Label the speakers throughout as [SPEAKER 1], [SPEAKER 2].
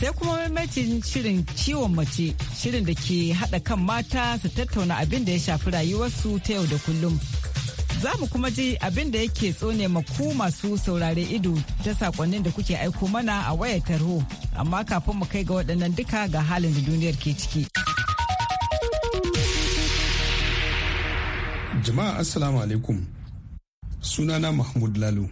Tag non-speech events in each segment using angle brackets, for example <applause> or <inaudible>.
[SPEAKER 1] sai kuma mamacin shirin ciwon mace shirin da ke haɗa kan mata su tattauna abin da ya shafi rayuwarsu ta yau da kullum za mu kuma ji abin da yake tsone maku masu saurare ido ta sakonnin da kuke aiko mana a wayar tarho amma kafin mu kai ga waɗannan duka ga halin da duniyar ke ciki
[SPEAKER 2] jama'a assalamu alaikum sunana mahmud lalu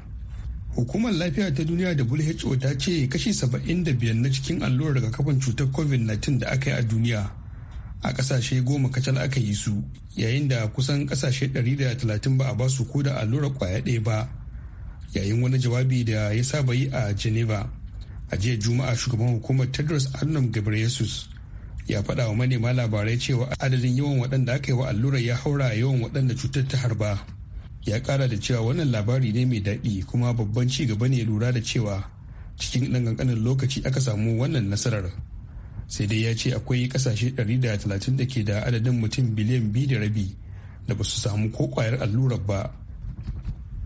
[SPEAKER 2] hukumar lafiya ta duniya da who ta ce kashi saba'in da 75 na cikin allurar rigakafin cutar covid-19 da aka yi a duniya a kasashe goma kacal aka yi su yayin da kusan kasashe talatin ba a basu su ko da allurar kwaya ɗaya ba yayin wani jawabi da ya saba yi a geneva a jiya juma'a shugaban hukumar tedros adhanom ghebreyesus ya faɗa wa manema labarai cewa adadin yawan waɗanda aka yi wa allurar ya haura yawan waɗanda cutar ta harba ya kara da cewa wannan labari ne mai daɗi kuma babban ci gaba ne lura da cewa cikin ɗan ƙanƙanin lokaci aka samu wannan nasarar sai dai ya ce akwai ƙasashe 130 da ke da adadin mutum biliyan biyu da rabi da ba su samu ko kwayar allurar ba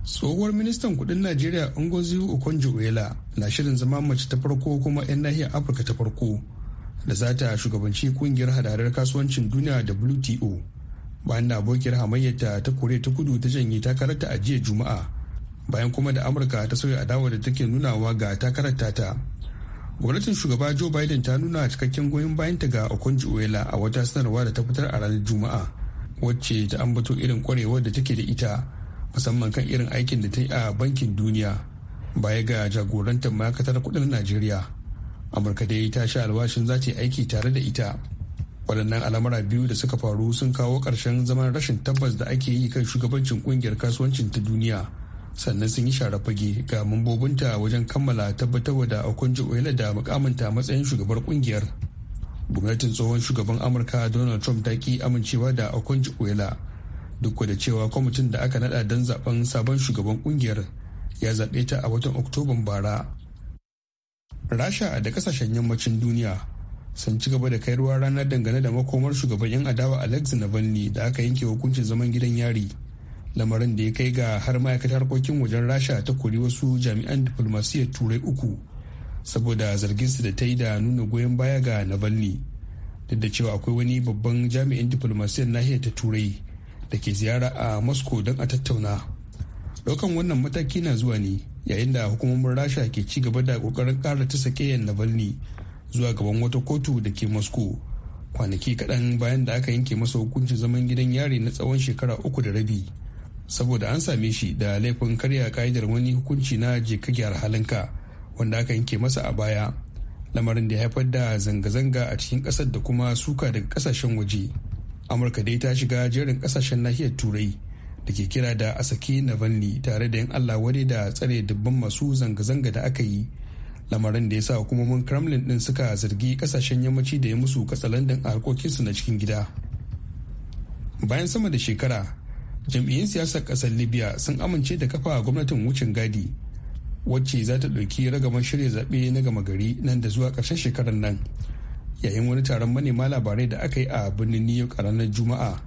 [SPEAKER 2] tsohuwar ministan kudin najeriya ngozi okonjo-iweala na shirin zama mace ta farko kuma 'yan nahiyar afirka ta farko da za ta shugabanci kungiyar hadarar kasuwancin duniya wto bayan da abokiyar hamayyata ta kore ta kudu ta janye takararta a jiya juma'a bayan kuma da amurka ta sauya adawa da take nunawa ga takarar ta gwamnatin shugaba joe biden ta nuna cikakken goyon bayan ta ga okonjo iweala a wata sanarwa da ta fitar a ranar juma'a wacce ta ambato irin kwarewar da take da ita musamman kan irin aikin da ta yi a bankin duniya baya ga jagorantar ma'aikatar kudin najeriya amurka dai ta sha alwashin zata yi aiki tare da ita waɗannan al'amura biyu da suka faru sun kawo ƙarshen zaman rashin tabbas da ake yi kan shugabancin ƙungiyar kasuwancin ta duniya sannan sun yi share fage ga mambobinta wajen kammala tabbatarwa da okonjo oyela da mukaminta matsayin shugabar ƙungiyar gwamnatin tsohon shugaban amurka donald trump ta ki amincewa da okonjo oyela duk da cewa kwamitin da aka nada don zaben sabon shugaban ƙungiyar ya zaɓe ta a watan oktoban bara rasha da kasashen yammacin duniya san ci gaba da kai ruwa ranar dangane da makomar shugaban 'yan adawa alex navalny da aka yanke hukuncin zaman gidan yari lamarin da ya kai ga har ma'aikatar harkokin wajen rasha ta kori wasu jami'an diflomasiyyar turai uku saboda zarginsu da ta yi da nuna goyon baya ga navalny duk da cewa akwai wani babban jami'in diplomasiyyar nahiyar ta turai da ke ziyara a moscow don a tattauna daukan wannan mataki na zuwa ne yayin da hukumomin rasha ke ci gaba da kokarin kara ta sakeyan navalny zuwa gaban wata kotu da ke moscow kwanaki kaɗan bayan da aka yanke masa hukuncin zaman gidan yari na tsawon shekara uku da rabi saboda an same shi da laifin karya ka'idar wani hukunci na jeka gyara halinka wanda aka yanke masa a baya lamarin da ya haifar da zanga-zanga a cikin ƙasar da kuma suka daga ƙasashen waje amurka dai ta shiga jerin ƙasashen nahiyar turai da ke kira da na navalny tare da yan allah wadai da tsare dubban masu zanga-zanga da aka yi lamarin da ya sa hukumomin kremlin din suka zargi kasashen yammaci da ya musu katsalandin a harkokinsu na cikin gida bayan sama da shekara jam'iyyun siyasar kasar libya sun amince da kafa gwamnatin wucin gadi wacce za ta ɗauki ragamar shirya zaɓe na gama gari nan da zuwa ƙarshen shekarar nan yayin wani taron manema labarai da aka yi a birnin new york a ranar juma'a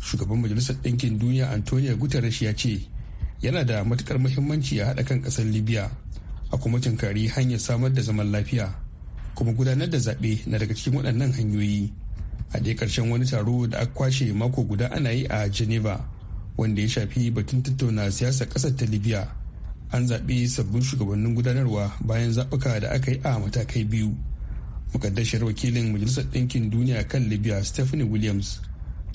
[SPEAKER 2] shugaban majalisar ɗinkin duniya antonio guterres ya ce yana da matukar muhimmanci a haɗa kan ƙasar libya a kuma tunkari hanyar samar da zaman lafiya kuma gudanar da zaɓe na daga cikin waɗannan hanyoyi a dai ƙarshen wani taro da aka kwashe mako guda ana yi a geneva wanda ya shafi batun tattauna siyasar ƙasar ta libya an zaɓi sabbin shugabannin gudanarwa bayan zaɓuka da aka yi a matakai biyu mukaddashiyar wakilin majalisar ɗinkin duniya kan libya stephanie williams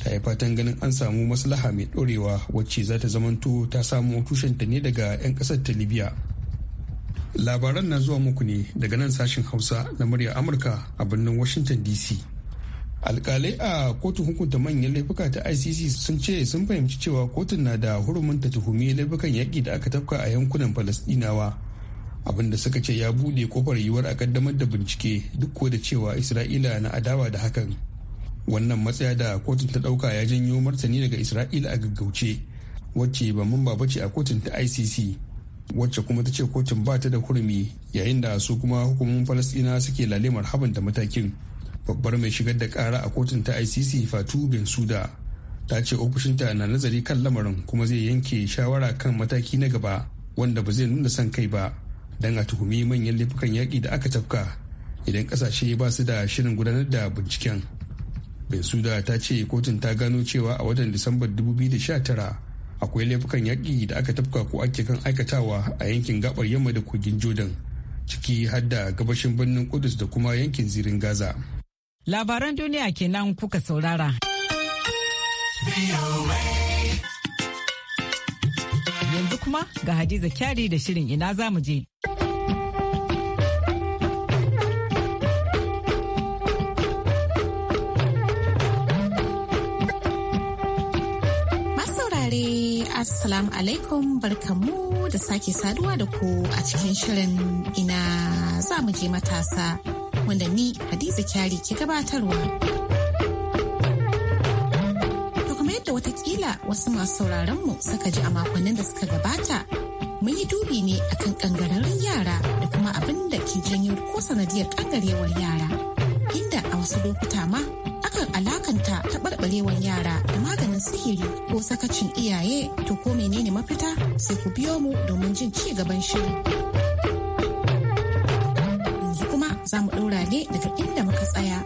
[SPEAKER 2] ta yi fatan ganin an samu maslaha mai ɗorewa wacce za ta zamanto ta samu tushenta ne daga 'yan ƙasar ta libya labaran na zuwa muku ne daga nan sashen hausa na muryar amurka a birnin washington dc alkalai a kotun hukunta manyan laifuka ta icc sun ce sun fahimci cewa kotun na da hurumin ta tuhumi laifukan yaƙi da aka tafka a yankunan falasdinawa abinda suka ce ya bude kofar yiwuwar a kaddamar da bincike duk ko da cewa isra'ila na adawa da hakan wannan matsaya da kotun ta ɗauka ya janyo martani daga isra'ila a gaggauce wacce ba mun babace a kotun ta icc wacce kuma ta ce kotun ba ta da hurumi yayin da su kuma hukumomin falastina suke lalemar haban da matakin babbar mai shigar da kara a kotun ta icc fatu bin suda ta ce ofishinta na nazari kan lamarin kuma zai yanke shawara kan mataki na gaba wanda ba zai nuna son kai ba don a tuhumi manyan laifukan yaƙi da aka tafka idan ƙasashe ba su da shirin gudanar da binciken bin suda ta ce kotun ta gano cewa a watan disambar 2019 akwai laifukan yaƙi da aka tafka ko ake kan aikatawa a yankin gabar yamma da kogin jordan ciki har da gabashin birnin kudus da kuma yankin zirin gaza
[SPEAKER 1] labaran duniya kenan kuka saurara yanzu kuma ga hadiza kyari da shirin ina za mu je
[SPEAKER 3] assalamu alaikum barkamu da sake saduwa da ku a cikin shirin ina za mu je matasa wanda ni Hadiza Kyari ke gabatarwa. To kuma yadda watakila wasu masu sauraron mu suka ji a makonnin da suka gabata mun yi dubi ne akan kangararrun yara da kuma abin da ke janyo ko sanadiyar kangarewar yara inda a wasu lokuta ma alakanta taɓarɓarewar yara da maganin sihiri ko sakacin iyaye to ko menene mafita sai ku biyo mu domin jin ci gaban shiri. za mu ɗora ne daga inda muka tsaya.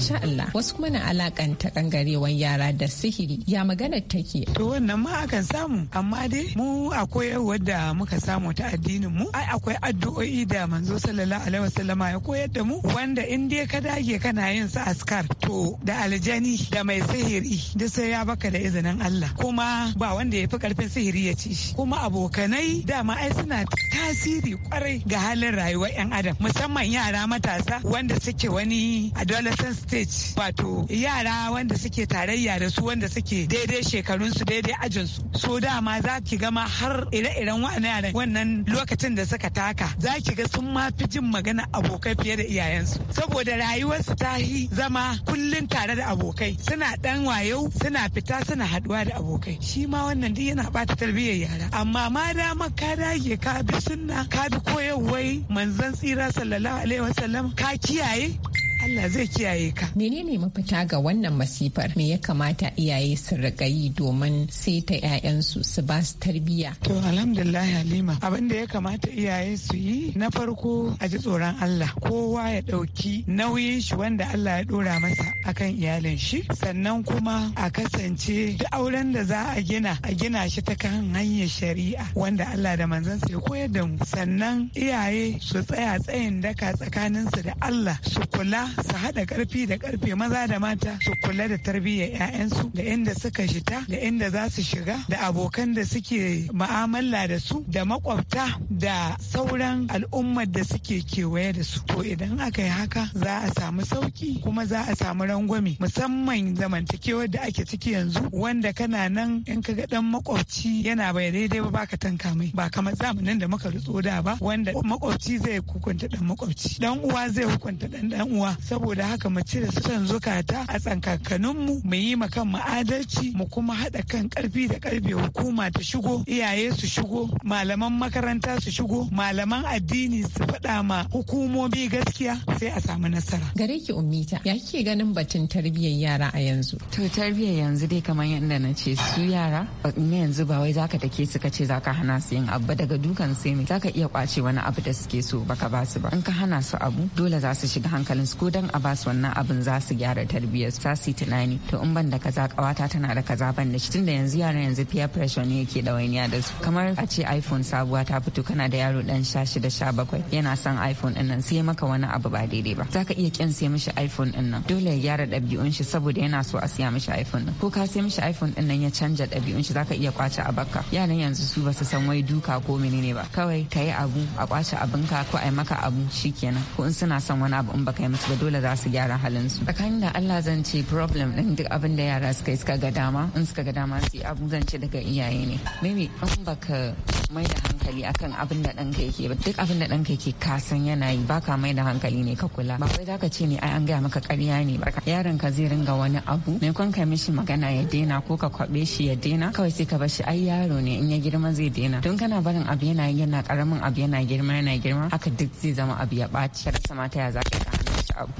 [SPEAKER 3] sha Allah wasu kuma na alakanta kangarewar yara da sihiri ya magana take.
[SPEAKER 4] To wannan ma akan samu amma dai mu akwai da muka samu ta addinin mu ai akwai addu'o'i da manzo sallallahu alaihi wasallama ya koyar da mu wanda in dai ka dage kana yin sa askar to da aljani da mai sihiri duk sai ya baka da izinin Allah kuma ba wanda ya fi karfin sihiri ya ci shi kuma abokanai dama ai suna tasiri kwarai ga halin rayuwar yan adam musamman yara mata matasa wanda suke wani adolescent stage wato yara wanda suke tarayya da su wanda suke daidai shekarun su daidai ajin su so dama za ki gama har ire-iren yaran wannan lokacin da suka taka za ki ga sun ma fi jin magana abokai fiye da iyayensu saboda rayuwarsu ta yi zama kullun tare da abokai suna dan wayau suna fita suna haduwa da abokai shi ma wannan duk yana bata tarbiyyar yara amma ma dama ka dage ka bi sunna ka bi koyarwai manzon tsira sallallahu alaihi wasallam kenan ka kiyaye eh?
[SPEAKER 3] Allah zai kiyaye ka. Menene mafita ga wannan masifar? Me ya kamata iyaye su riga yi domin ta 'ya'yansu su ba su tarbiyya? To alhamdulillah Halima abin da
[SPEAKER 4] ya kamata iyaye su yi na farko a ji tsoron Allah kowa ya ɗauki nauyin shi wanda Allah ya ɗora masa akan iyalin shi sannan kuma a kasance da auren da za a gina a gina shi ta kan hanyar shari'a wanda Allah da manzansa ya koyar da mu sannan iyaye su tsaya tsayin daka tsakaninsu da Allah su kula su haɗa ƙarfi da ƙarfe maza da mata su kula da tarbiyyar 'ya'yansu da inda suka shita da inda za su shiga da abokan da suke ma'amala da su da makwabta da sauran al'ummar da suke kewaye da su to idan aka yi haka za a samu sauki kuma za a samu rangwame musamman zamantakewar da ake ciki yanzu wanda kana nan in ka ga dan makwabci yana bai daidai ba baka tanka mai ba kamar zamanin da muka rutso da ba wanda makwabci zai hukunta dan makwabci dan uwa zai hukunta dan dan uwa saboda haka mu cire sukan zukata a tsankakaninmu mu yi ma kan ma'adalci mu kuma haɗa kan ƙarfi da ƙarfe hukuma ta shigo iyaye su shigo malaman makaranta su shigo malaman addini su faɗa ma hukumomi gaskiya sai a samu nasara.
[SPEAKER 5] Gare ki ummita ya kike ganin batun tarbiyyar yara a yanzu? To tarbiyyar yanzu dai kamar yadda na ce su yara na yanzu ba wai zaka take su ce zaka hana su yin abu daga dukan sai mai zaka iya kwace wani abu da suke so baka ba su ba. In ka hana su abu dole za su shiga hankalin su don a basu wannan abin za su gyara tarbiyyar ta su tunani to in ban da kaza kawata tana da kaza ban da shi tunda yanzu yaran yanzu peer pressure ne yake dawainiya da su kamar a ce iphone sabuwa ta fito kana da yaro dan sha da sha bakwai yana son iphone din nan sai maka wani abu ba daidai ba zaka iya kyan sai mishi iphone din nan dole ya gyara dabi'un shi saboda yana so a siya mishi iphone din ko ka sai mishi iphone din nan ya canja dabi'un shi zaka iya kwace a bakka yaran yanzu su ba su san wai duka ko menene ba kawai kai abu a kwace abinka ko a maka abu shikenan ko in suna son wani abu in baka yi musu dole za su gyara halin su tsakanin da Allah zan ce problem din duk abin da yara suka yi suka ga dama in suka ga dama su yi abu zan ce daga iyaye ne maybe in baka mai da hankali akan abin da ɗanka yake ba duk abin da ɗanka yake ka san yana yi baka mai da hankali ne ka kula ba wai zaka ce ne ai an gaya maka ƙarya ne ba yaron ka zai ringa wani abu maimakon ka mishi magana ya daina ko ka kwabe shi ya daina kawai sai ka bar shi ai yaro ne in ya girma zai daina don kana barin abu yana yana karamin abu yana girma yana girma haka duk zai zama abu ya ɓaci ka samata mata ya zaka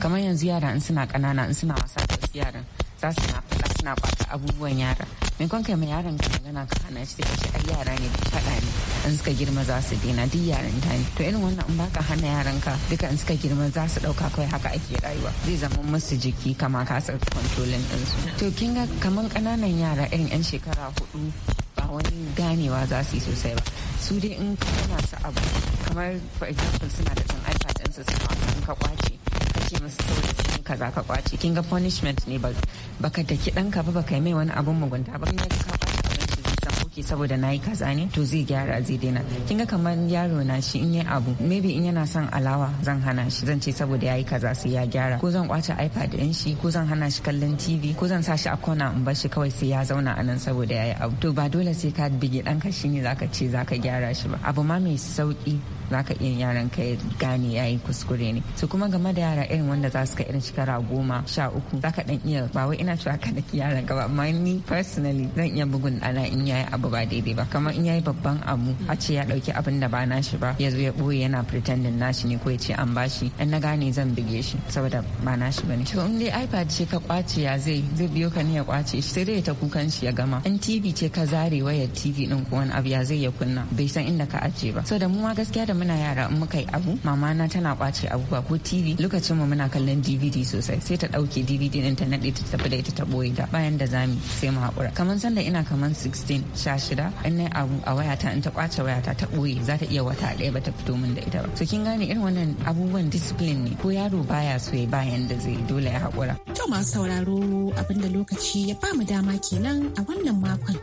[SPEAKER 5] kamar yanzu yara in suna ƙanana in suna wasa da wasu yaran za su na faɗa suna ɓata abubuwan yara mai kwan mai yaran yaron ka magana ka hana shi sai ai yara ne da faɗa ne in suka girma za su daina duk yaran ta ne to irin wannan in baka hana yaran ka duka in suka girma za su ɗauka kawai haka ake rayuwa zai zama musu jiki kama ka sa kwantolin ɗinsu to kin ga kamar ƙananan yara irin 'yan shekara hudu ba wani ganewa za su yi sosai ba su dai in kana su abu kamar for example suna da ɗan ipad ɗinsu suna ka kwace ce masu saboda cikin kaza ka kwace kinga punishment ne ba baka daki ɗanka ba baka yi mai wani abun mugunta ba ciki saboda na yi kaza ne to zai gyara zai daina kin ga kamar yaro na shi in yi abu maybe in yana son alawa zan hana shi zan ce saboda ya yi kaza sai ya gyara ko zan kwace ipad din shi ko zan hana shi kallon tv ko zan sa shi a kona in bar shi kawai sai ya zauna anan saboda ya yi abu to ba dole sai ka bige ka shi ne zaka ce zaka gyara shi ba abu ma mai sauki zaka iya yaran ka ya gane ya yi kuskure ne su kuma game da yara irin wanda za su ka irin shekara goma sha uku zaka dan iya ba wai ina cewa ka da yaran ka ba amma ni personally zan iya bugun dana in yayi abu ba daidai ba kamar in yayi babban abu a ce ya dauki abin da ba nashi ba ya zo ya boye yana pretending nashi ne ko ya ce an bashi in na gane zan bige shi saboda ba nashi bane to in dai iPad ce ka kwace ya zai zai biyo ka ne ya kwace shi sai dai ta kukan shi ya gama in TV ce ka zare wayar TV din ko wani abu ya zai ya kunna bai san inda ka ajiye ba saboda mu ma gaskiya da muna yara in muka yi abu mama na tana kwace abu ba ko TV lokacin mu muna kallon DVD sosai sai ta dauke DVD din ta nade ta tafi da ita ta boye da bayan da zamu sai mu hakura kamar sanda ina kamar 16 shida in na abu a wayata in ta kwace wayata ta boye za ta iya wata ɗaya ba ta fito min da ita ba to kin gane irin wannan abubuwan discipline ne ko yaro baya so ya bayan da zai dole ya haƙura.
[SPEAKER 3] to masu sauraro abinda lokaci ya ba mu dama kenan a wannan makon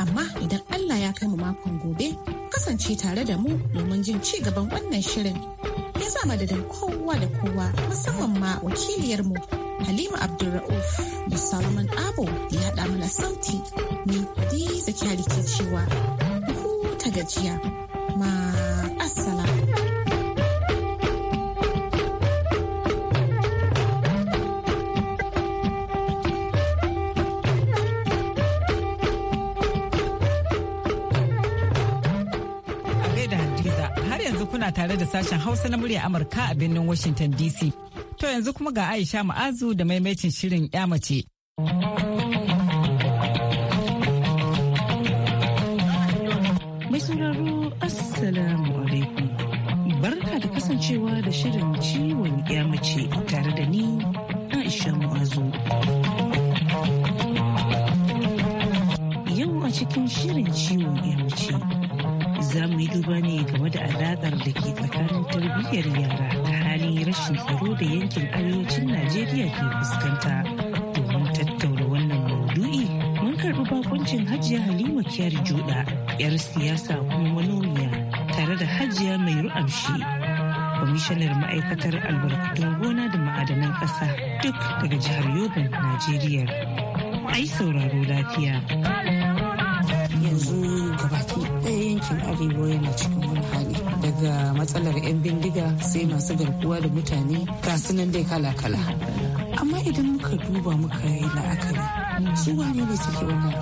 [SPEAKER 3] amma idan Allah ya kai mu makon gobe kasance tare da mu domin jin ci gaban wannan shirin ya sa madadin kowa da kowa musamman ma wakiliyar mu. Halima Abdulra'uf da Solomon Abo ya haɗa mana sauti ne Hadiza Kyari ke cewa ta gajiya ma
[SPEAKER 1] Hadiza, Har yanzu kuna tare da sashen Hausa na murya Amurka a birnin Washington DC. To yanzu kuma ga Aisha Ma'azu da maimacin shirin 'ya mace.
[SPEAKER 6] Mai sauraro Assalamu alaikum. Barka da kasancewa da shirin ciwon ya mace tare da ni Aisha ma'azu Yau a cikin shirin ciwon ya mace za mu yi duba ne game da alaƙar da ke tsakanin tarbiyyar yara rashin tsaro da yankin arewacin najeriya ke fuskanta domin tattauna wannan maudu'i mun karɓi bakuncin hajiya halima Kiyar juda yar siyasa kuma manomiya tare da hajiya mai ru'amshi kwamishinar ma'aikatar albarkatun gona da ma'adanan ƙasa duk daga jihar yobe najeriya ai sauraro lafiya yanzu gabaki ɗaya yankin arewa yana cikin ga matsalar 'yan bindiga sai masu garkuwa da mutane ga sunan dai kala-kala amma idan muka duba muka yi la'akari su wane ne suke wannan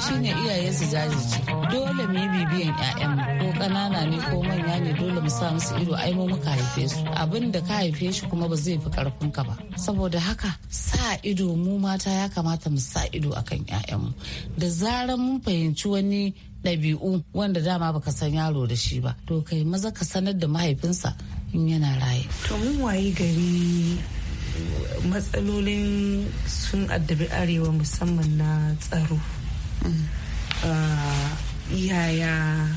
[SPEAKER 7] shine iyaye su jajirce dole mu yi bibiyan mu ko ƙanana ne ko manya ne dole mu sa musu ido ai mu muka haife su abin da ka haife shi kuma ba zai fi karfin ka ba saboda haka sa ido mu mata ya kamata mu sa ido akan mu da zarar mun fahimci wani ɗabi'u wanda dama baka san yaro da shi ba to kai maza ka sanar da mahaifinsa in yana raye to mun waye gari
[SPEAKER 6] matsalolin sun addabi arewa musamman na tsaro Eh, yaya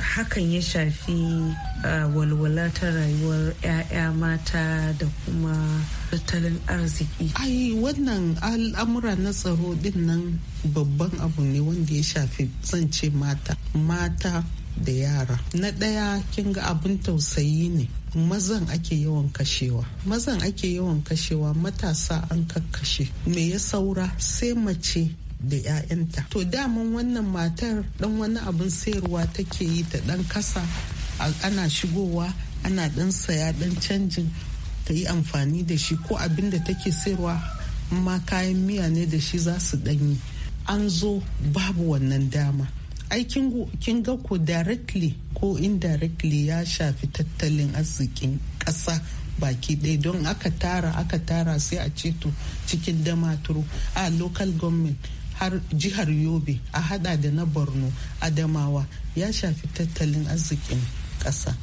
[SPEAKER 6] hakan ya shafi eh, walwala ta rayuwar 'ya'ya mata da
[SPEAKER 8] kuma tattalin arziki ai wannan al'amura na tsaro din nan babban abu ne wanda ya shafi zance mata mata da yara na ɗaya kin ga abin tausayi ne mazan ake yawan kashewa mazan ake yawan kashewa matasa an kakkashe me ya saura sai mace da 'ya'yanta to daman wannan matar dan wani abin sayarwa take yi ta dan kasa ana shigowa ana dan saya dan canjin ta yi amfani da shi ko abin da take sayarwa ma kayan miya ne da shi za su dan yi an zo babu wannan dama aikin kin ga ko directly ko indirectly ya shafi tattalin arzikin ƙasa baki ɗaya don aka tara aka tara sai a ceto cikin damaturu a local government har jihar yobe a hada da na borno adamawa ya shafi tattalin arzikin kasa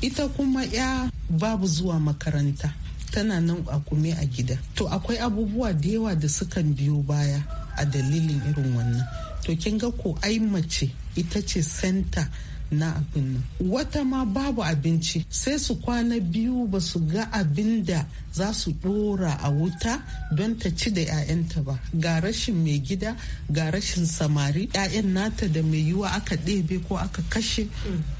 [SPEAKER 8] ita kuma ya babu zuwa makaranta tana nan a kume a gida to akwai abubuwa da yawa da sukan biyo baya a dalilin irin wannan to kin ga ko ai mace ita ce senta na abin nan wata ma babu abinci sai su kwana biyu ba su ga abin da za su ɗora a wuta don ta ci da 'ya'yanta ba ga rashin mai gida ga rashin samari 'ya'yan nata da mai yiwa aka ɗebe ko aka kashe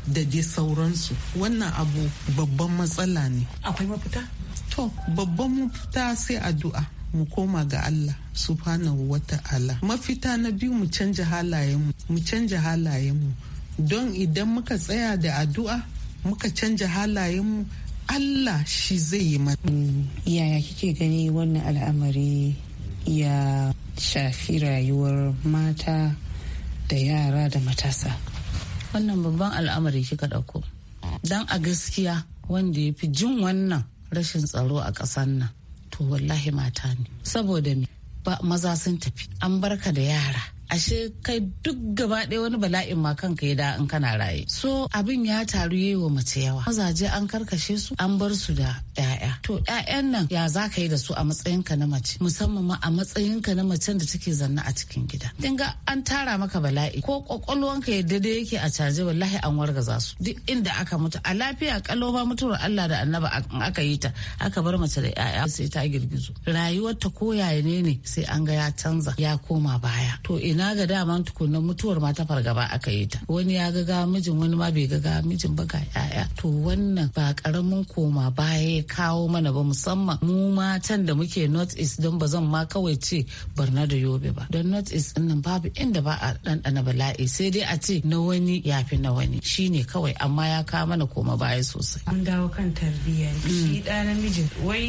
[SPEAKER 8] da dai sauransu wannan abu babban matsala ne akwai mafita to babban mafita sai addu'a mu koma ga Allah subhanahu wa ta'ala mafita na biyu mu canja halayenmu mu canja halayenmu don idan muka tsaya da addu'a muka canja halayenmu Allah shi zai yi mata. Mm, yaya kike gani wannan al'amari ya shafi
[SPEAKER 6] rayuwar mata da yara da matasa? Wannan babban
[SPEAKER 7] al'amari kika ɗauko. Don a gaskiya wanda ya fi jin wannan rashin tsaro a ƙasar nan to wallahi mata ne. Saboda me ba maza sun tafi an barka da yara ashe kai duk gaba ɗaya wani bala'in ma kanka ya da in kana raye so abin ya taru yayi wa mace yawa mazaje an karkashe su an bar su da 'ya'ya to 'ya'yan nan ya za ka yi da su a matsayinka na mace musamman ma a matsayin ka na macen da take zanna a cikin gida ga an tara maka bala'i ko ka ya daidai yake a caje wallahi an wargaza su duk inda aka mutu a lafiya kallo mutuwar Allah da annaba aka yi ta aka bar mace da 'ya'ya sai ta girgizo rayuwar ta koyaye ne ne sai an ga ya canza ya koma baya to ina ga daman tukunan mutuwar ma ta fargaba aka yi ta wani ya ga mijin wani ma bai ga mijin ba ga 'ya'ya to wannan ba karamin koma baya ya kawo mana mana ba musamman mu matan da muke north east don ba zan ma kawai ce barna da yobe ba don north east din nan babu inda ba a ɗanɗana bala'i sai dai a ce na wani ya fi na wani shine kawai amma ya kawo mana koma baya sosai.
[SPEAKER 6] an dawo kan tarbiyya mm. shi ɗa namijin wai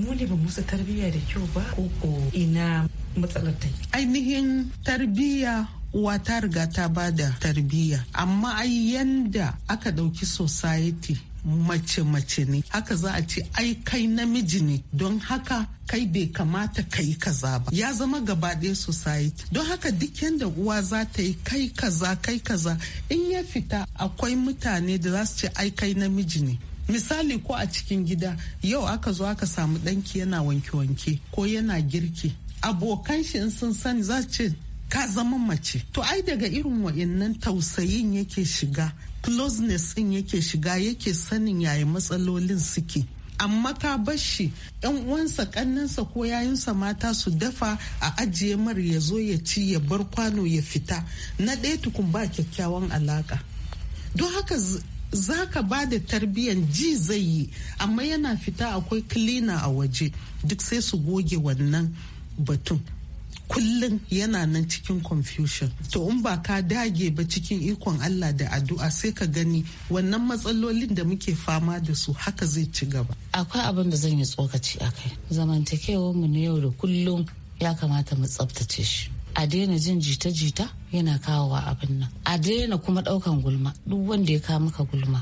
[SPEAKER 6] mu ne ba musu tarbiyya da kyau ba ko ina matsalar ta
[SPEAKER 8] ainihin tarbiyya uwa ta riga ta ba da tarbiyya amma ai yanda aka ɗauki society mace-mace ne haka za a ce ai kai namiji ne don haka kai bai kamata ka yi kaza ba ya zama gaba ɗaya society don haka duk yadda uwa za ta yi kai kaza kai kaza in ya fita akwai mutane da za su ce ai kai namiji ne misali ko a cikin gida yau aka zo aka samu ɗanki yana wanke-wanke ko yana girki abokan shi in sun sani za ce ka zama mace to ai daga irin wa'annan tausayin yake shiga closeness in yake shiga yake sanin yayi matsalolin suke amma ka bar shi yan uwansa kannansa ko yayinsa mata su dafa a ajiye mar ya zo ya ci ya bar kwano ya fita na ɗaya tukun ba kyakkyawan alaka don haka za ka ba da tarbiyyan ji zai yi amma yana fita akwai kilina a waje duk sai su goge wannan batun kullum yana nan cikin confusion to in ba ka dage ba cikin ikon Allah da addu'a sai ka gani wannan matsalolin da muke fama da su haka zai ci gaba akwai abin da zan yi
[SPEAKER 7] tsokaci akai zamantakewar mu na yau da kullum ya kamata mu tsabtace shi a daina jin jita-jita yana kawowa abin nan a daina kuma daukan gulma duk wanda ya ka maka gulma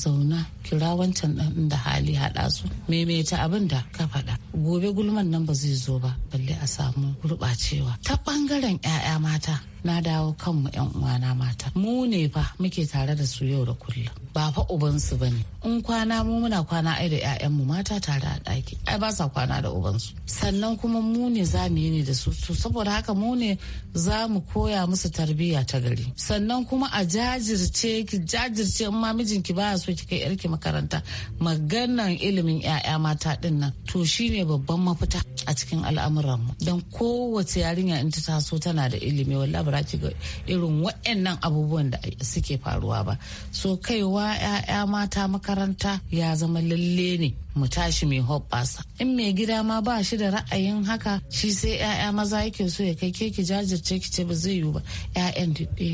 [SPEAKER 7] zauna kira wancan da hali haɗa su maimaita abin da ka faɗa gobe gulman nan ba zai zo ba balle a samu gurɓacewa ta ɓangaren 'ya'ya mata na dawo kanmu 'yan uwana mata mu ne fa muke tare da su yau da kullum ba fa ubansu ba ne in kwana mu muna kwana ai da 'ya'yanmu mata tare a ɗaki ai ba sa kwana da ubansu sannan kuma mu ne za mu yi ne da su saboda haka mu ne za mu koya musu tarbiyya ta gari sannan kuma a jajirce ki jajirce in ma mijinki baya so ki kai yarki makaranta maganan ilimin 'ya'ya mata ɗinnan nan to shine babban mafita a cikin al'amuran mu don kowace yarinya in ta taso tana da ilimi wallahi ba ki ga irin waɗannan abubuwan da suke faruwa ba so kaiwa 'ya'ya mata makaranta ya zama lalle ne mu tashi mai hoɓɓasa in mai gida ma ba shi da ra'ayin haka shi sai 'ya'ya maza yake so ya kai ke ki jajirce ki ce ba zai yiwu ba 'ya'yan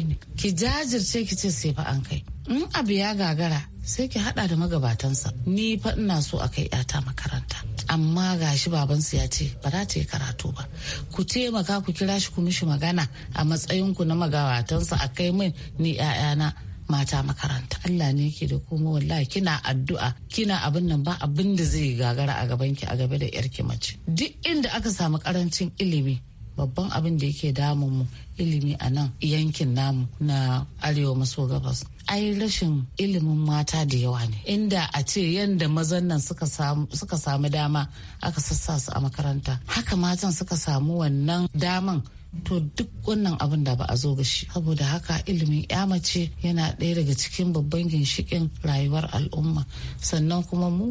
[SPEAKER 7] ne ki jajirce ki ce sai fa an kai in abu ya gagara sai ki hada da magabatansa ni fa ina so a kai yata makaranta amma ga gashi babansu ya ce ba za ta yi karatu ba ku taimaka ku kira shi ku mishi magana a matsayinku na magabatansa a kai min ni 'ya'yana mata makaranta Allah ne yake da kuma wallahi kina addu'a kina abin nan ba abin da zai gagara a gabanki a gaba da yarki mace duk inda aka samu karancin ilimi babban abin da yake damun mu ilimi a nan yankin namu na arewa maso gabas ai rashin ilimin mata da yawa ne inda a ce yadda mazan nan suka samu dama aka sassa su a makaranta haka matan suka samu wannan daman to duk wannan abin da ba a zo ga shi saboda haka ilimin ya mace yana ɗaya daga cikin babban ginshikin rayuwar al'umma sannan kuma mu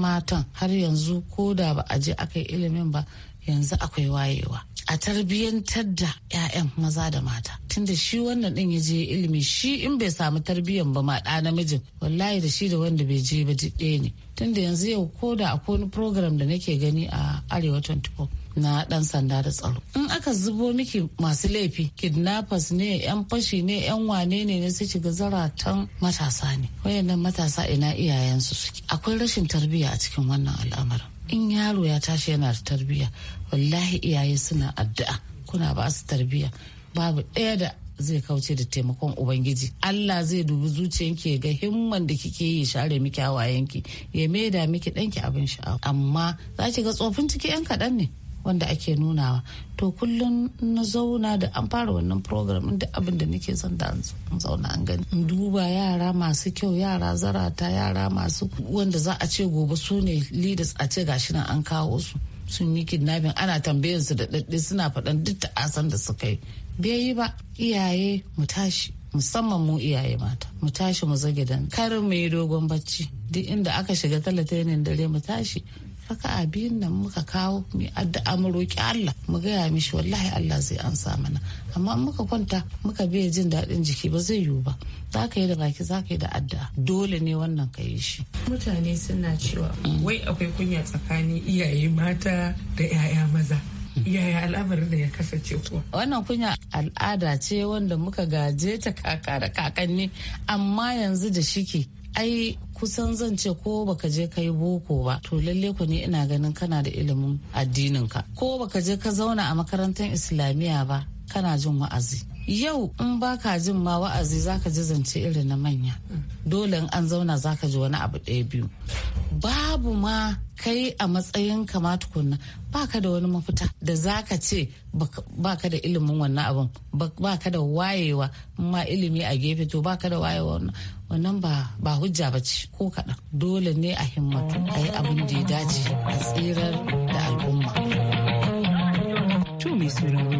[SPEAKER 7] matan har yanzu ko da ba a je aka yi ilimin ba yanzu akwai wayewa a tarbiyyantar da 'ya'yan maza da mata tunda shi wannan din ya je ilimi shi in bai samu tarbiyan ba ma ɗa namijin wallahi da shi da wanda bai je ba ɗaya ne tunda yanzu yau ko da akwai wani program da nake gani a arewa 24 na ɗan sanda da tsaro in aka zubo miki masu laifi kidnappers ne yan fashi ne yan wane ne ne su shiga zaratan matasa ne wayannan matasa ina iyayensu suke akwai rashin tarbiya a cikin wannan al'amarin in yaro ya tashi yana da tarbiya. wallahi iyaye suna addu'a kuna ba su tarbiyya babu ɗaya da zai kauce da taimakon ubangiji allah zai dubi zuciyanki ya ga himman da kike yi share miki hawayenki ya maida miki ɗanki abin sha'awa amma za ki ga tsofin ciki yan kaɗan ne wanda ake nunawa to kullum na zauna da an fara wannan program da abin da nake son da an zauna an gani in duba yara masu kyau yara zarata yara masu wanda za a ce gobe su ne leaders a ce gashi nan an kawo su sun yi kidnapping ana tambayin su da daɗe suna faɗan duk ta'asan da suka yi bai yi ba iyaye mu tashi musamman mu iyaye mata mu tashi mu zage dan kar mu yi dogon bacci duk inda aka shiga talatainin dare mu tashi faka abin nan muka kawo mai adda'a mu Allah mu gaya mishi wallahi Allah zai ansa mana amma muka kwanta muka biya jin daɗin jiki ba zai yiwu ba za ka yi da baki za ka yi da adda'a dole ne wannan ka yi shi
[SPEAKER 6] mutane suna cewa wai akwai kunya
[SPEAKER 4] tsakanin iyaye mata da 'ya'ya maza yaya al'amarin da ya kasance kuwa
[SPEAKER 7] wannan kunya al'ada ce wanda muka gaje ta kaka da kakanni amma yanzu da shike ai kusan zan ce ko baka je ka boko ba to lalle ku ne ina ganin kana da ilimin addinin ka ko baka je ka zauna a makarantar islamiyya ba kana jin wa'azi yau in ba ka jin ma wa'azi za ka ji zance irin na manya dole in an zauna za ka ji wani abu ɗaya biyu babu ma kai a matsayin kama tukunna ka da wani mafita da za ka ce ba ka da ilimin wannan abin ka da wayewa ma ilimi a gefe to ba ka da wayewa wannan ba ba hujja ba ce ko kaɗan dole ne a himmatu a yi abin da ya dace
[SPEAKER 6] a tsirar da al'umma. To mai sauraro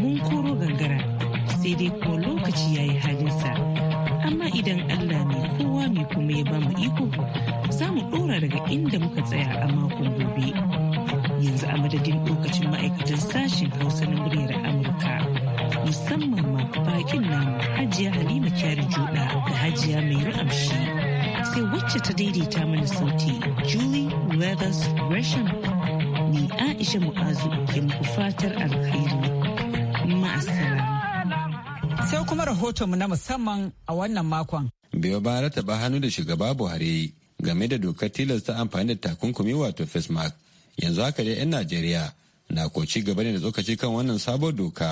[SPEAKER 6] mun koro gangara sai dai ko lokaci ya yi halinsa amma idan Allah ne kowa mai kuma ya ba mu iko za mu ɗora daga inda muka tsaya a makon gobe. Yanzu a madadin lokacin ma'aikatan sashen Hausa na muryar Amurka. musamman ma bakin nan hajiya halima kyari juda da hajiya mai ra'amshi sai wacce ta daidaita mana sauti julie leathers
[SPEAKER 1] gresham ni aisha mu'azu ke muku fatar alkhairi ma'asala sai kuma rahoton mu na musamman a wannan makon
[SPEAKER 9] biyo ba ta ba hannu da shugaba buhari game da dokar tilasta amfani da takunkumi wato face mask yanzu haka dai 'yan najeriya na ko ci gaba ne da tsokaci kan wannan sabon doka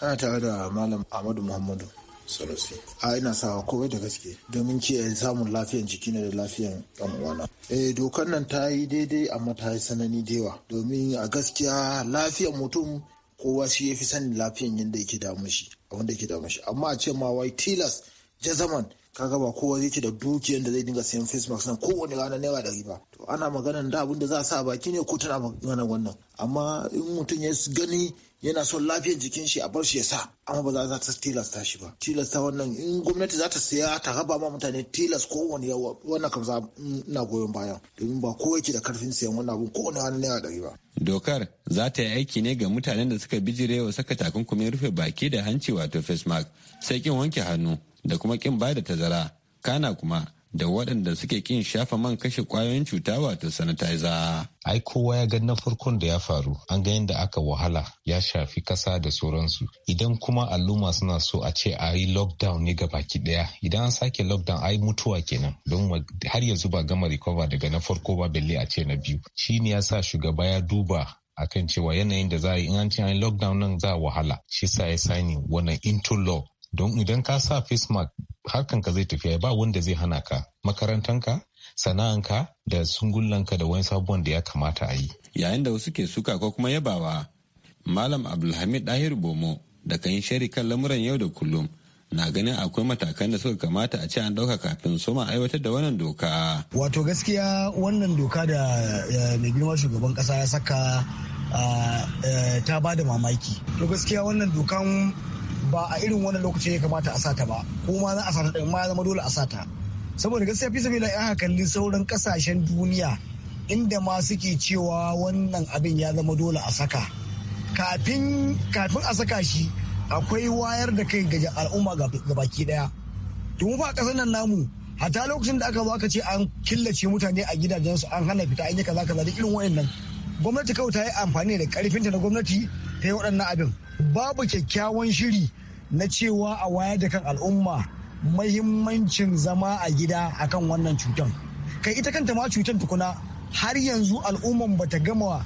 [SPEAKER 10] kana tare da malam ahmadu muhammadu sanusi a ina sawa kowai da gaske domin kiyaye samun lafiyan jiki da lafiyan yan uwana eh dokar nan ta yi daidai amma ta yi sanani da yawa domin a gaskiya lafiyan mutum kowa shi ya fi sanin lafiyan yadda yake damu shi abinda yake damu shi amma a ce ma wai tilas jazaman kaga ba kowa zai da dukiyar da zai dinga sayan face mask ko kowane rana naira dari ba to ana maganan da abin da za a sa baki ne ko tana maganan wannan amma in mutum ya gani yana son lafiyar jikin shi a bar shi ya sa amma ba za ta tilasta shi ba tilasta wannan in gwamnati za ta siya ta raba ma mutane tilas ko wani yawa wannan kam ina goyon bayan domin ba kowa yake da karfin siyan wannan abu ko wani hannun naira ɗari ba.
[SPEAKER 9] dokar za ta yi aiki ne ga mutanen da suka bijire wa saka takunkumin rufe baki da hanci wato face mask sai kin wanke hannu da kuma kin bada tazara kana kuma da waɗanda suke kin shafa man kashe kwayoyin cuta wato sanitaiza Ai kowa ya ga na farkon da ya faru an ga yadda aka wahala ya shafi ƙasa da sauransu. Idan kuma al'umma suna so a ce a yi lockdown ne baki ɗaya idan an sake lockdown ai mutuwa kenan don har yanzu ba gama recover daga na farko ba belle a ce na biyu. Shi ne ya sa shugaba ya duba akan cewa yanayin da za a yi in an ce an lockdown nan za wahala shi sa ya sani wannan into law don idan ka sa face mask ka zai tafiya ba wanda zai hana ka makarantanka sana'anka da sungullanka da wani sabon da ya kamata a yi yayin da wasu ke suka ko kuma yabawa malam abdulhamid dahir bomo da kan yi shari kan lamuran yau da kullum na ganin akwai matakan da suka kamata a ce an ɗauka kafin soma aiwatar da wannan doka.
[SPEAKER 10] Wato gaskiya wannan doka da mai girma shugaban kasa ya saka eh, ta ba da mamaki. To gaskiya wannan dokan ba a irin wannan lokaci ya kamata a sata ba kuma za a sata din ma zama dole a sata saboda gaskiya fi sabila ya kalli sauran kasashen duniya inda ma suke cewa wannan abin ya zama dole a saka kafin a saka shi akwai wayar da kai ga al'umma ga baki daya tun fa kasar nan namu hata lokacin da aka zo aka ce an killace mutane a gidajensu an hana fita an yi kaza kaza da irin wayannan gwamnati kawai ta yi amfani da karfinta na gwamnati ta yi waɗannan abin babu kyakkyawan shiri na cewa a wayar da kan al'umma mahimmancin zama a gida akan wannan cutan kai ita kanta ma cutan tukuna har yanzu al'umman bata gama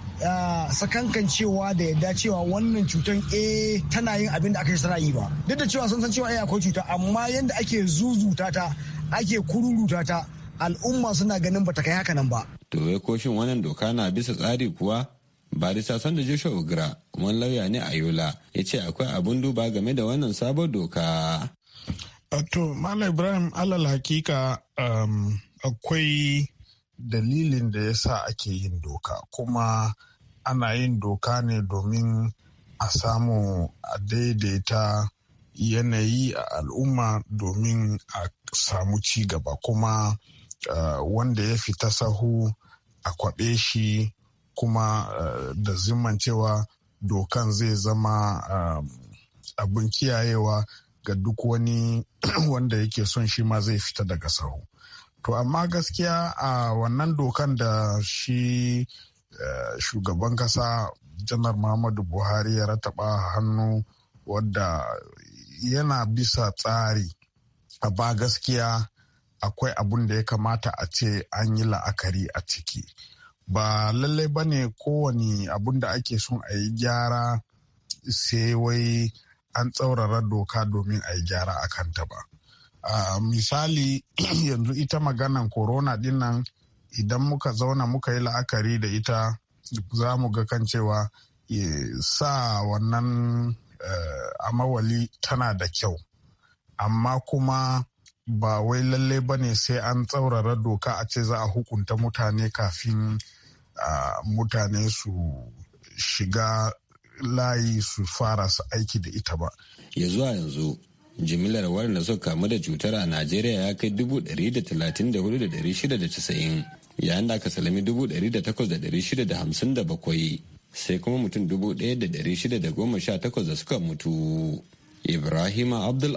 [SPEAKER 10] sakankan cewa da yadda cewa wannan cutan a eh, tana yin abin da aka yi a yi ba duk da cewa sun san cewa eh, akwai cuta amma yadda ake zuzuta ta ake kururuta ta al'umma suna ganin bata kai haka nan ba
[SPEAKER 9] to ko shin wannan doka na bisa tsari kuwa barista da joshua ugra wani lauya ne a yola ya ce akwai abin duba game da wannan sabon doka
[SPEAKER 11] to malam ibrahim alal hakika um, akwai dalilin da ya sa ake yin doka kuma ana yin doka ne domin a samu a daidaita yanayi a al'umma domin a samu ci gaba kuma uh, wanda ya fita sahu a kwaɓe shi kuma eh, da zimman dokan zai zama eh, abin kiyayewa ga duk wani <clears throat> wanda yake son shi ma zai fita daga sahu. To amma gaskiya a wannan dokan da shi eh, shugaban kasa janar Muhammadu Buhari ya rataba hannu wadda yana bisa tsari. A ba gaskiya akwai abun da ya kamata a ce an yi la'akari a ciki. ba lallai ba ne kowane abun da ake son a yi gyara sai wai an tsaurara doka domin a yi gyara a kanta ba misali <clears throat> yanzu ita maganan corona dinnan idan muka zauna muka yi la'akari da ita za mu ga kan cewa e, sa wannan e, amawali tana da kyau amma kuma ba wai lalle ba ne sai an tsaurara doka a ce za a hukunta mutane kafin mutane su shiga layi su fara su aiki
[SPEAKER 9] da ita ba. Ya zuwa yanzu jimillar waɗanda suka kamu da cutar a Najeriya ya kai casa'in yayin da aka salami bakwai sai kuma mutum ɗaya da suka mutu. Ibrahima Abdul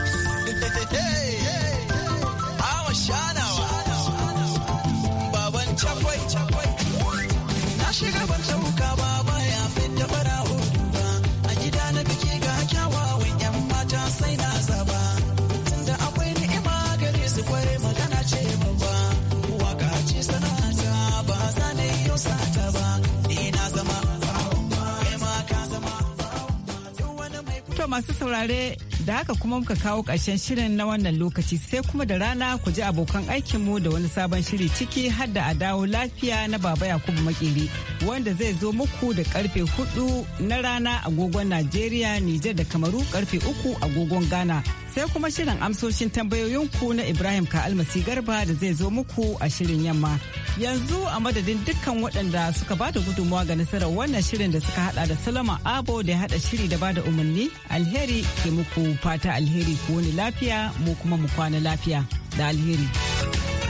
[SPEAKER 1] masu saurare da haka kuma muka kawo ƙarshen shirin na wannan lokaci sai kuma da rana ku ji abokan aikinmu da wani sabon shiri ciki har da a dawo lafiya na baba yakubu makeri wanda zai zo muku da karfe 4 na rana agogon Najeriya, Nijar da Kamaru karfe 3 agogon Ghana. Sai kuma shirin amsoshin tambayoyinku na Ibrahim Ka'almasi Garba da zai zo muku a shirin yamma. Yanzu a madadin dukkan waɗanda suka ba da gudunmawa ga nasarar wannan shirin da suka hada da Salama Abo da ya hada shiri da ba da umarni alheri ke muku fata alheri ku wani lafiya mu kuma mu kwana lafiya da alheri.